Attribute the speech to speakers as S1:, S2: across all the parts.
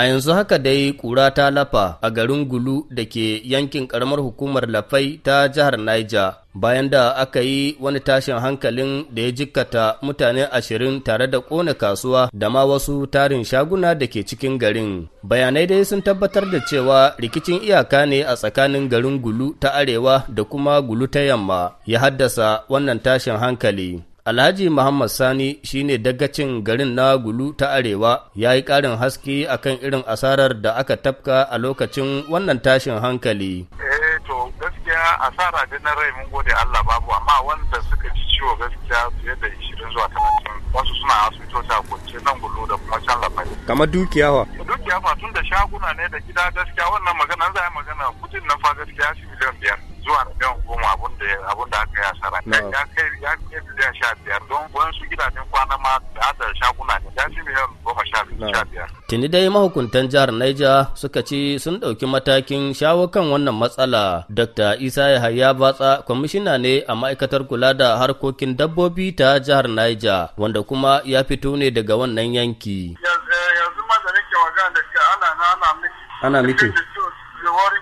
S1: A yanzu haka dai ƙura ta lafa a garin Gulu da ke yankin ƙaramar hukumar Lafai ta jihar Niger bayan da aka yi wani tashin hankalin da ya jikkata mutane ashirin tare da ƙona kasuwa da ma wasu tarin shaguna da ke cikin garin. Bayanai dai sun tabbatar da cewa rikicin iyaka ne a tsakanin garin Gulu ta Arewa da kuma Gulu ta Yamma ya haddasa wannan tashin hankali. Alhaji Muhammad Sani shine dagacin garin na Gulu ta Arewa ya yi ƙarin haske akan irin asarar da aka tafka a lokacin wannan tashin hankali.
S2: Eh to gaskiya asara da na rai mun gode Allah babu amma wanda suka ci ciwo gaskiya fiye da 20 zuwa 30 wasu suna asibitoci a kwance nan Gulu da kuma can Lafai.
S1: Kamar dukiya wa? Dukiya fa tun da shaguna ne da gida gaskiya wannan
S2: magana za a yi magana kudin na fa gaskiya shi miliyan biyar zuwa miliyan goma abun da eh, abun da aka yi asara ya kai ya kai miliyan sha biyar don wasu gidajen kwana
S1: ma da shaguna ne ya ci miliyan goma sha biyar. Tuni dai mahukuntan jihar Niger suka ce sun ɗauki matakin shawo kan wannan matsala. Dr. Isa Yahaya Batsa kwamishina ne a ma'aikatar kula da harkokin dabbobi ta jihar Niger wanda kuma ya fito ne daga wannan yanki. Yanzu eh, ma da nake magana da ana ana miki. Ana miki.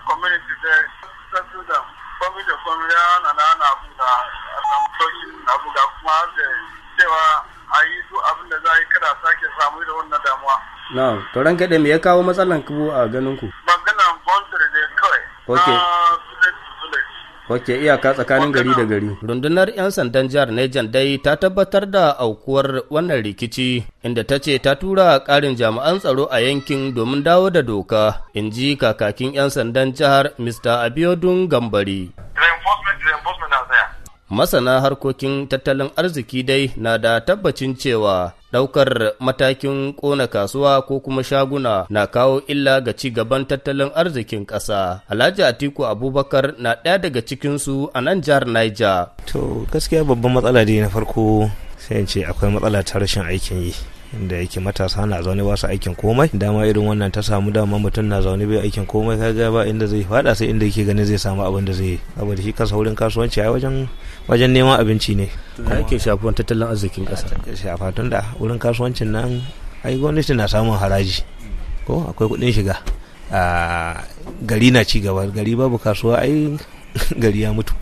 S1: community there. komi da komi ya nana na buga a samu na buga kuma da cewa a yi duk abin da za a yi kada sake samu da wannan damuwa. Na'am, to ranka da me ya kawo matsalan kubo a ganin ku? Maganan bontare ne kawai. Okay. Wacce iyaka tsakanin gari da gari. Rundunar 'yan sandan jihar Niger dai ta tabbatar da aukuwar wannan rikici inda ta ce ta tura ƙarin jami'an tsaro a yankin domin dawo da doka, in ji kakakin 'yan sandan jihar Mr. Abiodun Gambari. Masana harkokin tattalin arziki dai na da tabbacin cewa Ɗaukar matakin ƙona kasuwa ko kuma shaguna na kawo illa ga ci gaban tattalin arzikin ƙasa. Alhaji Atiku Abubakar na ɗaya daga cikinsu a nan jihar Niger.
S2: To gaskiya babban matsala ne na farko sai ce akwai matsala ta rashin aikin yi. inda yake matasa na zaune ba su aikin komai dama irin wannan ta samu dama mutum na zaune bai aikin komai kaga ba inda zai fada sai inda yake ganin zai samu abin da zai yi saboda shi kasa wurin kasuwanci a wajen wajen neman abinci ne ka yake shafuwan tattalin arzikin kasa shafa tun da wurin kasuwancin nan ai gwamnati na samun haraji ko akwai kuɗin shiga a ah, gari na ci gaba gari babu kasuwa ai gari ya mutu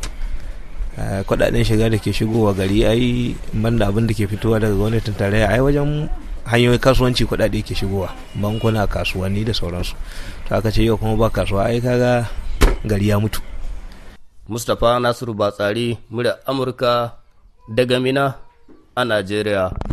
S2: Eh, kwaɗaɗen shiga da ke shigowa gari ai banda abin da ke fitowa daga gwamnatin tarayya ai wajen hanyoyin kasuwanci kwaɗaɗe ke shigowa bankuna kasuwanni da sauransu to aka ce yau kuma ba kasuwa ai kaga gari ya mutu
S1: mustapha nasiru batsari murya amurka daga mina a nigeria.